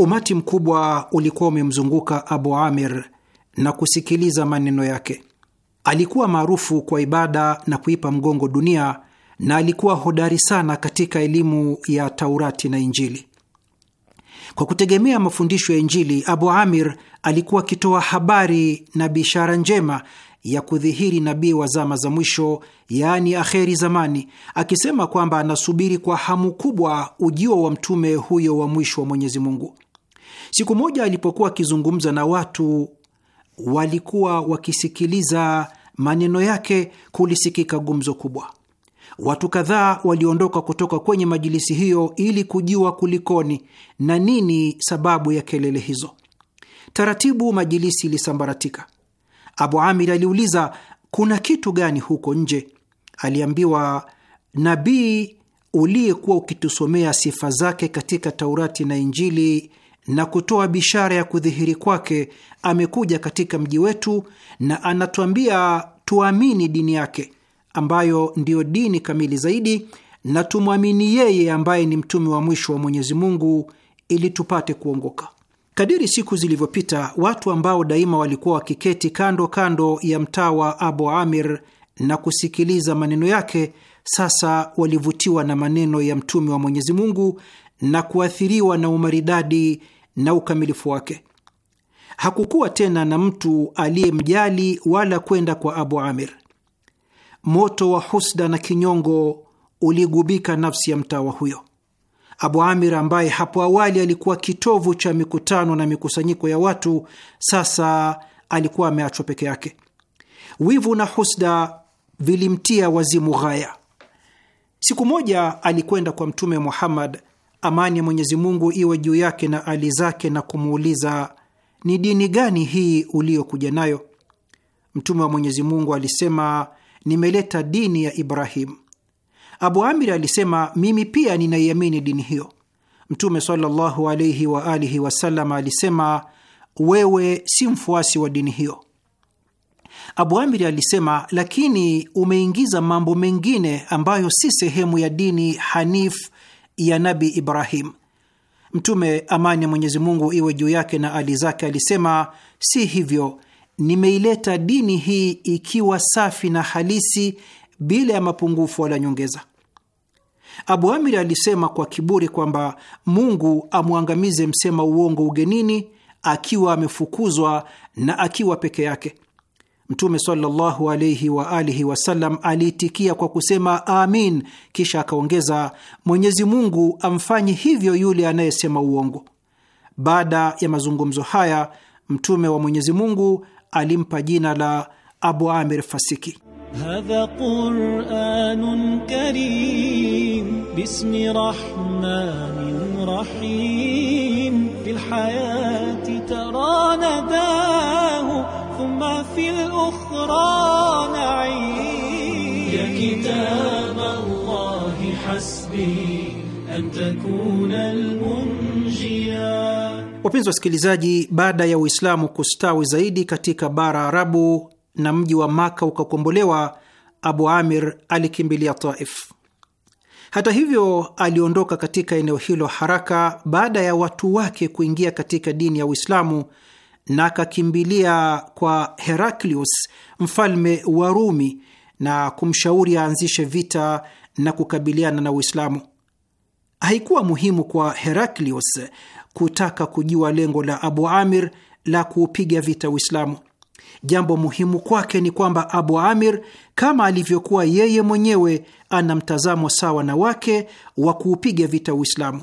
Umati mkubwa ulikuwa umemzunguka Abu Amir na kusikiliza maneno yake. Alikuwa maarufu kwa ibada na kuipa mgongo dunia na alikuwa hodari sana katika elimu ya Taurati na Injili. Kwa kutegemea mafundisho ya Injili, Abu Amir alikuwa akitoa habari na bishara njema ya kudhihiri nabii wa zama za mwisho, yaani akheri zamani, akisema kwamba anasubiri kwa hamu kubwa ujio wa mtume huyo wa mwisho wa Mwenyezi Mungu. Siku moja alipokuwa akizungumza na watu walikuwa wakisikiliza maneno yake, kulisikika gumzo kubwa. Watu kadhaa waliondoka kutoka kwenye majilisi hiyo ili kujua kulikoni na nini sababu ya kelele hizo. Taratibu majilisi ilisambaratika. Abu Amir aliuliza, kuna kitu gani huko nje? Aliambiwa, nabii uliyekuwa ukitusomea sifa zake katika Taurati na Injili na kutoa bishara ya kudhihiri kwake, amekuja katika mji wetu na anatuambia tuamini dini yake ambayo ndiyo dini kamili zaidi, na tumwamini yeye ambaye ni mtume wa mwisho wa Mwenyezi Mungu ili tupate kuongoka. Kadiri siku zilivyopita, watu ambao daima walikuwa wakiketi kando kando ya mtaa wa Abu Amir na kusikiliza maneno yake, sasa walivutiwa na maneno ya mtume wa Mwenyezi Mungu na kuathiriwa na umaridadi na ukamilifu wake. Hakukuwa tena na mtu aliyemjali wala kwenda kwa Abu Amir. Moto wa husda na kinyongo uligubika nafsi ya mtawa huyo. Abu Amir ambaye hapo awali alikuwa kitovu cha mikutano na mikusanyiko ya watu, sasa alikuwa ameachwa peke yake. Wivu na husda vilimtia wazimu ghaya. Siku moja alikwenda kwa Mtume Muhammad amani ya Mwenyezi Mungu iwe juu yake na ali zake, na kumuuliza ni dini gani hii uliyokuja nayo? Mtume wa Mwenyezi Mungu alisema, nimeleta dini ya Ibrahimu. Abu Amir alisema, mimi pia ninaiamini dini hiyo. Mtume sallallahu alayhi wa alihi wasallam alisema, wewe si mfuasi wa dini hiyo. Abu Amir alisema, lakini umeingiza mambo mengine ambayo si sehemu ya dini hanifu ya Nabi Ibrahim. Mtume, amani ya Mwenyezi Mungu iwe juu yake na ali zake, alisema si hivyo, nimeileta dini hii ikiwa safi na halisi bila ya mapungufu wala nyongeza. Abu Amir alisema kwa kiburi kwamba Mungu amwangamize msema uongo ugenini, akiwa amefukuzwa na akiwa peke yake. Mtume sallallahu alaihi wa alihi wasallam aliitikia kwa kusema amin, kisha akaongeza, Mwenyezi Mungu amfanye hivyo yule anayesema uongo. Baada ya mazungumzo haya, Mtume wa Mwenyezi Mungu alimpa jina la Abu Amir Fasiki. Hadha Qur'anun karim bismi rahim fil hayati ثم في الأخرى نعيم يا كتاب الله حسبي أن تكون المنجيا Wapenzi wasikilizaji, baada ya Uislamu kustawi zaidi katika bara Arabu na mji wa Maka ukakombolewa, Abu Amir alikimbilia Taif. Hata hivyo, aliondoka katika eneo hilo haraka baada ya watu wake kuingia katika dini ya Uislamu na akakimbilia kwa Heraklius mfalme wa Rumi na kumshauri aanzishe vita na kukabiliana na Uislamu. Haikuwa muhimu kwa Heraklius kutaka kujua lengo la Abu Amir la kuupiga vita Uislamu. Jambo muhimu kwake ni kwamba Abu Amir, kama alivyokuwa yeye mwenyewe, ana mtazamo sawa na wake wa kuupiga vita Uislamu.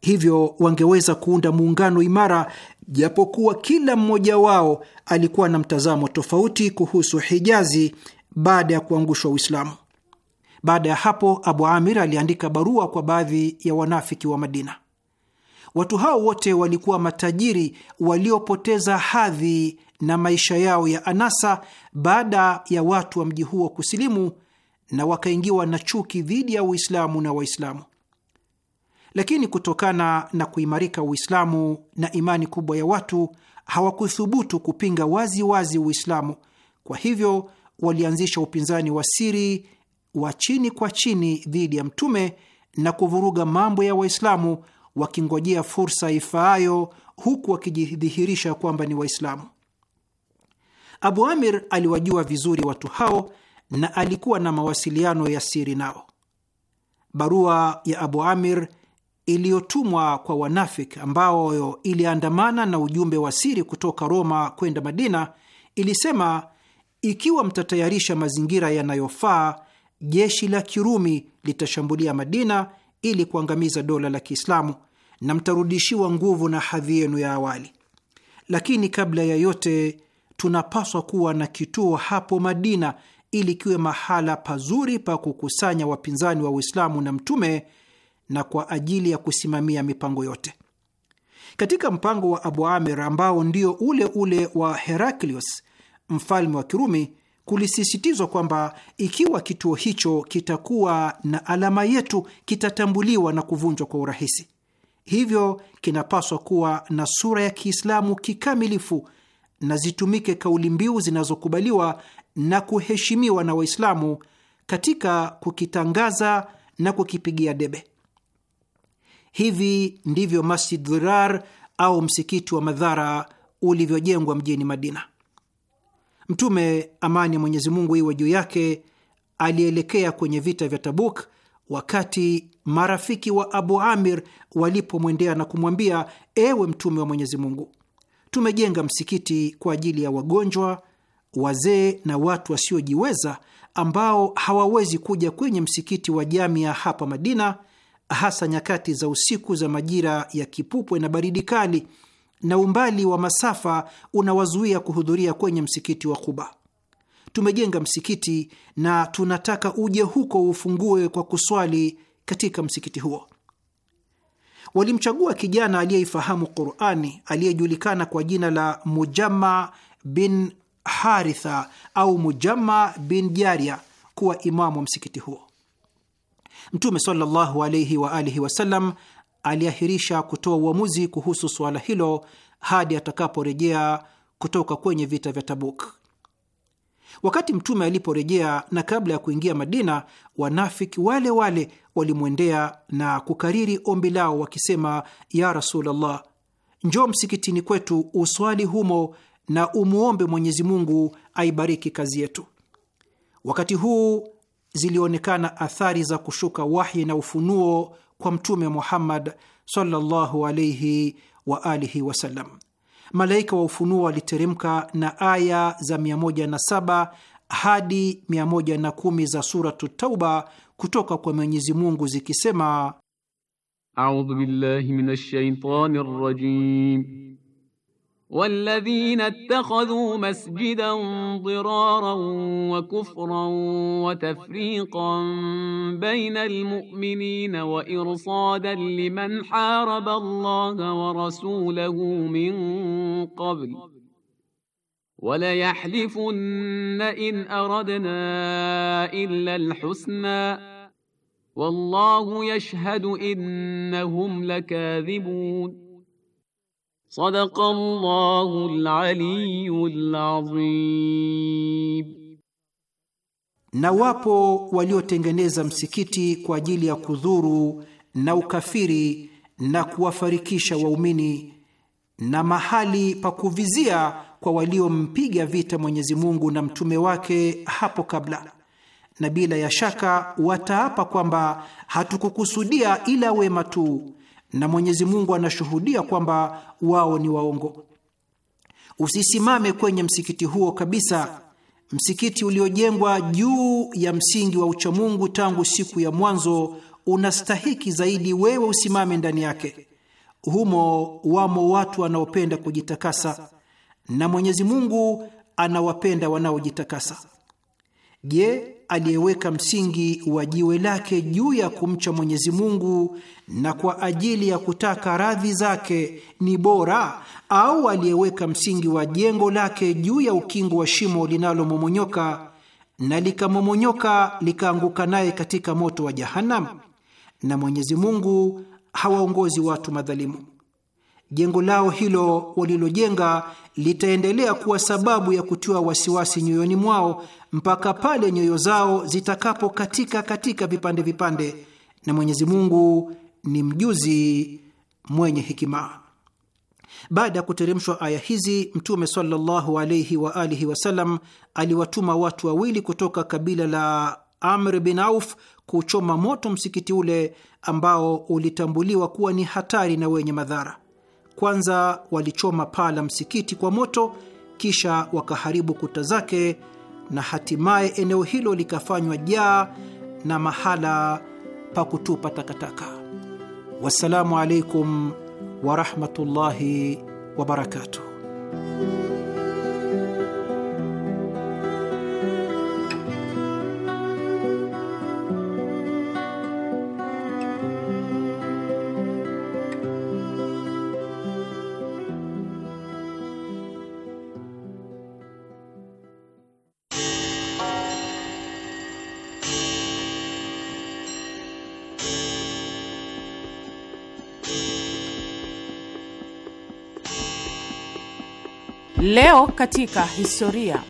Hivyo wangeweza kuunda muungano imara japokuwa kila mmoja wao alikuwa na mtazamo tofauti kuhusu Hijazi baada ya kuangushwa Uislamu. Baada ya hapo, Abu Amir aliandika barua kwa baadhi ya wanafiki wa Madina. Watu hao wote walikuwa matajiri waliopoteza hadhi na maisha yao ya anasa baada ya watu wa mji huo kusilimu na wakaingiwa na chuki dhidi ya Uislamu na Waislamu lakini kutokana na kuimarika Uislamu na imani kubwa ya watu hawakuthubutu kupinga wazi wazi Uislamu. Kwa hivyo walianzisha upinzani wa siri wa chini kwa chini dhidi ya Mtume na kuvuruga mambo ya Waislamu, wakingojea fursa ifaayo, huku wakijidhihirisha kwamba ni Waislamu. Abu Amir aliwajua vizuri watu hao na alikuwa na mawasiliano ya siri nao. Barua ya Abu Amir iliyotumwa kwa wanafiki ambao iliandamana na ujumbe wa siri kutoka Roma kwenda Madina ilisema, ikiwa mtatayarisha mazingira yanayofaa, jeshi la Kirumi litashambulia Madina ili kuangamiza dola la Kiislamu na mtarudishiwa nguvu na hadhi yenu ya awali. Lakini kabla ya yote, tunapaswa kuwa na kituo hapo Madina ili kiwe mahala pazuri pa kukusanya wapinzani wa Uislamu na mtume na kwa ajili ya kusimamia mipango yote. Katika mpango wa Abu Amir ambao ndio ule ule wa Heraklius mfalme wa Kirumi, kulisisitizwa kwamba ikiwa kituo hicho kitakuwa na alama yetu kitatambuliwa na kuvunjwa kwa urahisi, hivyo kinapaswa kuwa na sura ya Kiislamu kikamilifu na zitumike kauli mbiu zinazokubaliwa na kuheshimiwa na Waislamu katika kukitangaza na kukipigia debe. Hivi ndivyo Masjid Dhirar au msikiti wa madhara ulivyojengwa mjini Madina. Mtume, amani ya Mwenyezi Mungu iwe juu yake, alielekea kwenye vita vya Tabuk wakati marafiki wa Abu Amir walipomwendea na kumwambia, ewe Mtume wa Mwenyezi Mungu, tumejenga msikiti kwa ajili ya wagonjwa, wazee na watu wasiojiweza ambao hawawezi kuja kwenye msikiti wa Jamia hapa Madina hasa nyakati za usiku za majira ya kipupwe na baridi kali, na umbali wa masafa unawazuia kuhudhuria kwenye msikiti wa kuba Tumejenga msikiti na tunataka uje huko ufungue kwa kuswali katika msikiti huo. Walimchagua kijana aliyeifahamu Qurani aliyejulikana kwa jina la Mujamma bin Haritha au Mujamma bin Jaria kuwa imamu wa msikiti huo. Mtume sallallahu alaihi wa alihi wasallam aliahirisha kutoa uamuzi kuhusu suala hilo hadi atakaporejea kutoka kwenye vita vya Tabuk. Wakati mtume aliporejea na kabla ya kuingia Madina, wanafiki wale wale walimwendea na kukariri ombi lao wakisema, ya Rasulullah, njoo msikitini kwetu uswali humo na umwombe Mwenyezi Mungu aibariki kazi yetu. Wakati huu zilionekana athari za kushuka wahyi na ufunuo kwa Mtume Muhammad sallallahu alaihi wa alihi wasallam. Malaika wa ufunuo waliteremka na aya za 107 hadi 110 za Suratu Tauba kutoka kwa Mwenyezi Mungu zikisema: audhu billahi minash shaitani rajim والذين اتخذوا مسجدا ضرارا وكفرا وتفريقا بين المؤمنين وارصادا لمن حارب الله ورسوله من قبل وليحلفن ان اردنا الا الحسنى والله يشهد انهم لكاذبون Sadakallahu al-aliyyul azim. Na wapo waliotengeneza msikiti kwa ajili ya kudhuru na ukafiri na kuwafarikisha waumini na mahali pa kuvizia kwa waliompiga vita Mwenyezi Mungu na mtume wake hapo kabla, na bila ya shaka wataapa kwamba hatukukusudia ila wema tu na Mwenyezi Mungu anashuhudia kwamba wao ni waongo. Usisimame kwenye msikiti huo kabisa, msikiti uliojengwa juu ya msingi wa uchamungu tangu siku ya mwanzo unastahiki zaidi wewe usimame ndani yake. Humo wamo watu wanaopenda kujitakasa na Mwenyezi Mungu anawapenda wanaojitakasa. Je, aliyeweka msingi wa jiwe lake juu ya kumcha Mwenyezi Mungu na kwa ajili ya kutaka radhi zake ni bora au aliyeweka msingi wa jengo lake juu ya ukingo wa shimo linalomomonyoka na likamomonyoka likaanguka naye katika moto wa Jahannam, na Mwenyezi Mungu hawaongozi watu madhalimu jengo lao hilo walilojenga litaendelea kuwa sababu ya kutiwa wasiwasi nyoyoni mwao mpaka pale nyoyo zao zitakapokatika katika vipande vipande, na Mwenyezi Mungu ni mjuzi mwenye hikima. Baada ya kuteremshwa aya hizi, Mtume sallallahu alayhi wa alihi wasallam aliwatuma watu wawili kutoka kabila la Amr bin Auf kuchoma moto msikiti ule ambao ulitambuliwa kuwa ni hatari na wenye madhara. Kwanza walichoma paa la msikiti kwa moto, kisha wakaharibu kuta zake, na hatimaye eneo hilo likafanywa jaa na mahala pa kutupa takataka. Wassalamu alaikum warahmatullahi wabarakatuh. Leo katika historia.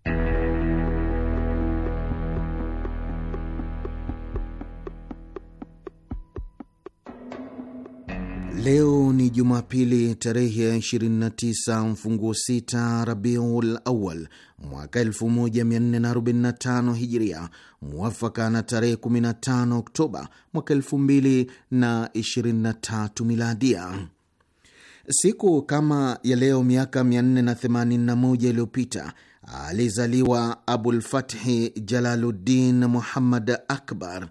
Leo ni Jumapili tarehe ya 29 mfunguo 6 Rabiul Awal mwaka 1445 Hijiria, mwafaka na tarehe 15 Oktoba mwaka 2023 Miladia. Siku kama ya leo miaka 481 iliyopita alizaliwa Abulfathi Jalaluddin Muhammad Akbar,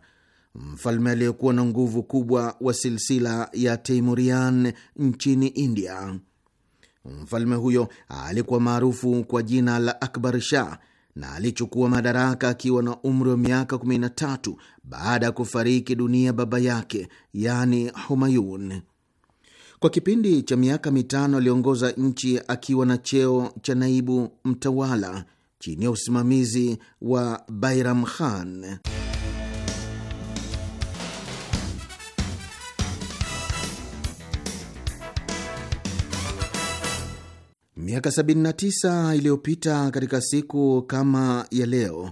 mfalme aliyekuwa na nguvu kubwa wa silsila ya Teimurian nchini India. Mfalme huyo alikuwa maarufu kwa jina la Akbar Shah na alichukua madaraka akiwa na umri wa miaka 13 baada ya kufariki dunia baba yake, yani Humayun. Kwa kipindi cha miaka mitano aliongoza nchi akiwa na cheo cha naibu mtawala chini ya usimamizi wa Bairam Khan. Miaka 79 iliyopita katika siku kama ya leo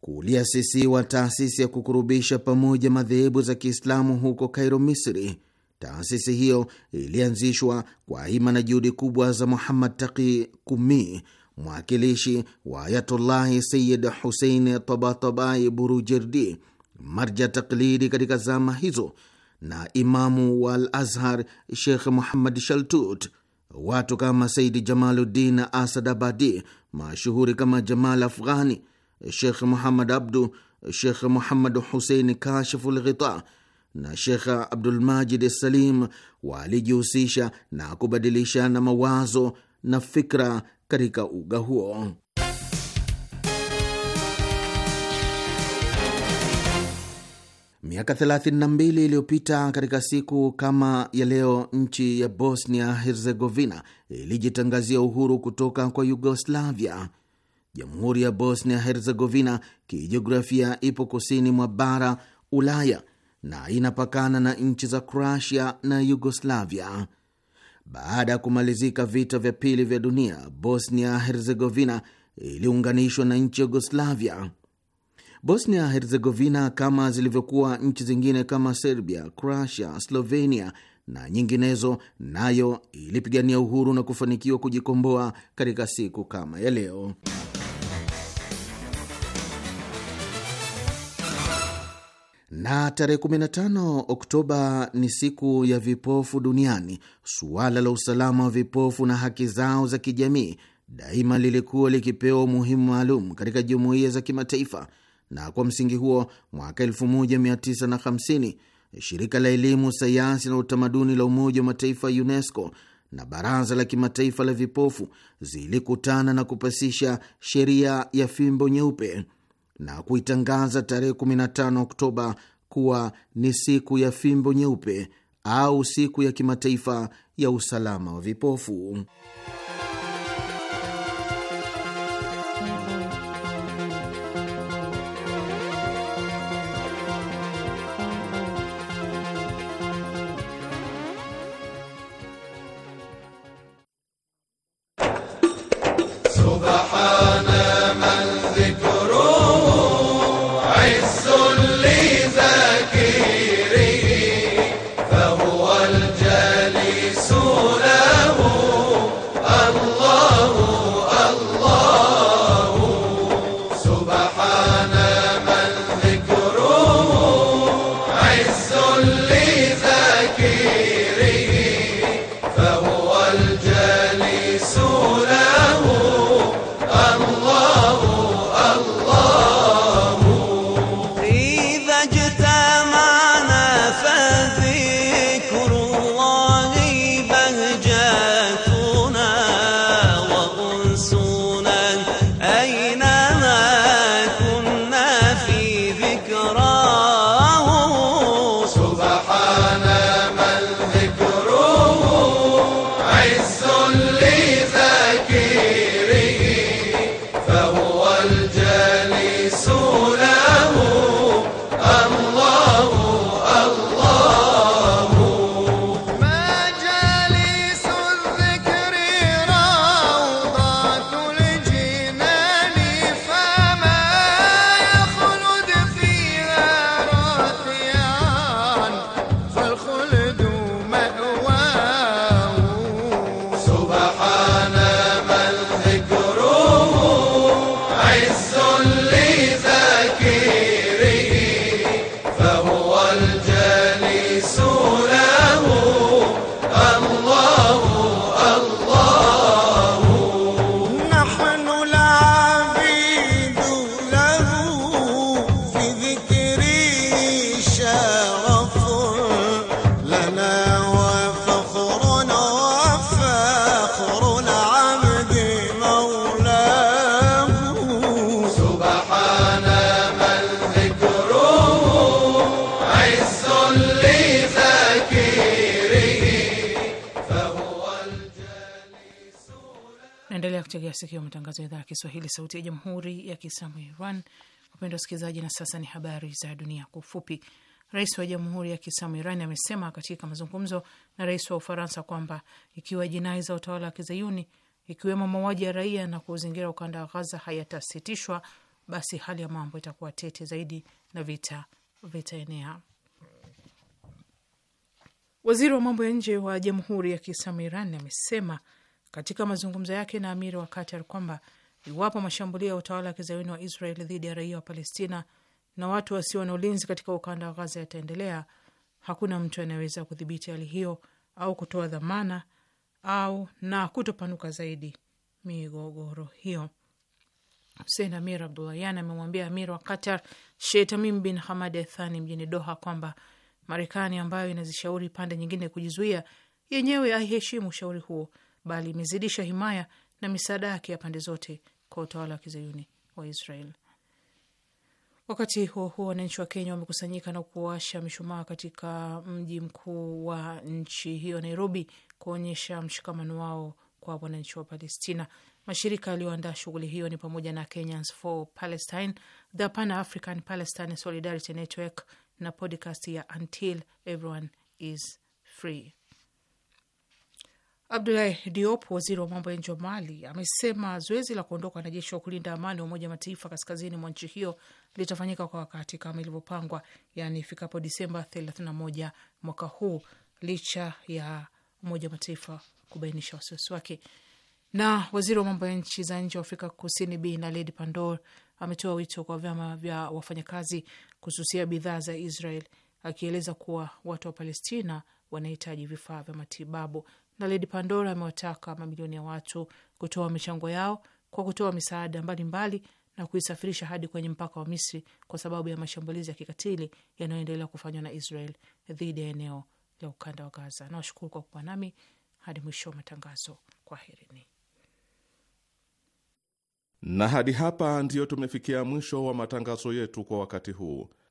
kuliasisiwa taasisi ya kukurubisha pamoja madhehebu za Kiislamu huko Kairo, Misri. Taasisi hiyo ilianzishwa kwa hima na juhudi kubwa za Muhammad Taqi Kumi, mwakilishi wa Ayatullahi Sayid Husein Tabatabai Burujerdi, marja taklidi katika zama hizo, na imamu wa Al Azhar Sheikh Muhammad Shaltut. Watu kama Saidi Jamaluddin abadi mashuhuri kama Jamal Afghani, Sheikh Muhammad Abdu, Sheikh Muhammad Husein Kashiful Ghita na Shekha Abdulmajid Salim walijihusisha na kubadilishana mawazo na fikra katika uga huo. Miaka 32 iliyopita katika siku kama ya leo, nchi ya Bosnia Herzegovina ilijitangazia uhuru kutoka kwa Yugoslavia. Jamhuri ya Bosnia Herzegovina kijiografia ipo kusini mwa bara Ulaya na inapakana na nchi za Kroatia na Yugoslavia. Baada ya kumalizika vita vya pili vya dunia, Bosnia Herzegovina iliunganishwa na nchi ya Yugoslavia. Bosnia Herzegovina, kama zilivyokuwa nchi zingine kama Serbia, Croatia, Slovenia na nyinginezo, nayo ilipigania uhuru na kufanikiwa kujikomboa katika siku kama ya leo. na tarehe 15 Oktoba ni siku ya vipofu duniani. Suala la usalama wa vipofu na haki zao za kijamii daima lilikuwa likipewa umuhimu maalum katika jumuiya za kimataifa, na kwa msingi huo mwaka 1950 shirika la elimu, sayansi na utamaduni la Umoja wa Mataifa UNESCO na Baraza la Kimataifa la Vipofu zilikutana na kupasisha sheria ya fimbo nyeupe na kuitangaza tarehe 15 Oktoba kuwa ni siku ya fimbo nyeupe au siku ya kimataifa ya usalama wa vipofu. Kiswahili, sauti ya jamhuri ya kiislamu ya Iran. Wapendwa wasikilizaji, na sasa ni habari za dunia kwa ufupi. Rais wa Jamhuri ya Kiislamu Iran amesema katika mazungumzo na rais wa Ufaransa kwamba ikiwa jinai za utawala wa kizayuni ikiwemo mauaji ya raia na kuzingira ukanda wa Ghaza hayatasitishwa basi hali ya mambo itakuwa tete zaidi na vita vitaenea. Waziri wa mambo ya nje wa Jamhuri ya Kiislamu Iran amesema katika mazungumzo yake na amiri wa Qatar kwamba Iwapo mashambulio ya utawala wa kizayuni wa Israel dhidi ya raia wa Palestina na watu wasio na ulinzi katika ukanda wa Gaza yataendelea, hakuna mtu anayeweza kudhibiti hali hiyo au kutoa dhamana au na kutopanuka zaidi migogoro hiyo. Husein Amir Abdulayan amemwambia Amir wa Qatar Sheikh Tamim bin Hamad Al mjini Doha kwamba Marekani ambayo inazishauri pande nyingine kujizuia, yenyewe haiheshimu ushauri huo, bali imezidisha himaya na misaada yake ya pande zote kwa utawala wa kizayuni wa Israel. Wakati huo huo, wananchi wa Kenya wamekusanyika na kuwasha mishumaa katika mji mkuu wa nchi hiyo Nairobi, kuonyesha mshikamano wao kwa wananchi wa Palestina. Mashirika yaliyoandaa shughuli hiyo ni pamoja na Kenyans for Palestine, the Pan African Palestine Solidarity Network na podcast ya Until Everyone is Free. Abdulahi Diop, waziri wa mambo ya nje wa Mali, amesema zoezi la kuondoka wanajeshi wa kulinda amani wa Umoja Mataifa kaskazini mwa nchi hiyo litafanyika kwa wakati kama ilivyopangwa, yaani ifikapo Disemba 31 mwaka huu, licha ya Umoja Mataifa kubainisha wasiwasi wake. Na waziri wa mambo ya nchi za nje wa Afrika Kusini Bi Naledi Pandor ametoa wito kwa vyama vya wafanyakazi kususia bidhaa za Israel akieleza kuwa watu wa Palestina wanahitaji vifaa vya matibabu na Lady Pandora amewataka mamilioni ya watu kutoa michango yao kwa kutoa misaada mbalimbali mbali na kuisafirisha hadi kwenye mpaka wa Misri kwa sababu ya mashambulizi ya kikatili yanayoendelea kufanywa na Israel dhidi ya eneo la ukanda wa Gaza. Nawashukuru kwa kuwa nami hadi mwisho wa matangazo. Kwaherini. Na hadi hapa ndiyo tumefikia mwisho wa matangazo yetu kwa wakati huu.